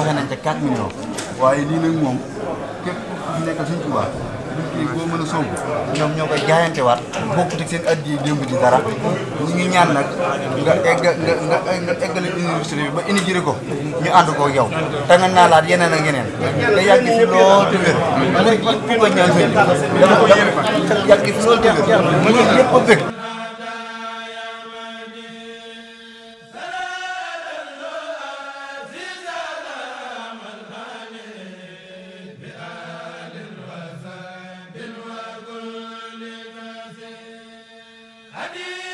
joxe nañ ca 4 millions waaye lii moom képp ku nekk suñ Tuubaa lii boo mën a soobu ñoom ñoo koy jaayantewaat bokkut ak seen at yi démb ji dara ñu ñaan nag nga egg nga nga nga eggale université bi ba inauguré ko ñu ànd ko yow te nga naalaat yeneen ak yeneen te yàgg fi lool te wér léegi ku a bëgg Xaadim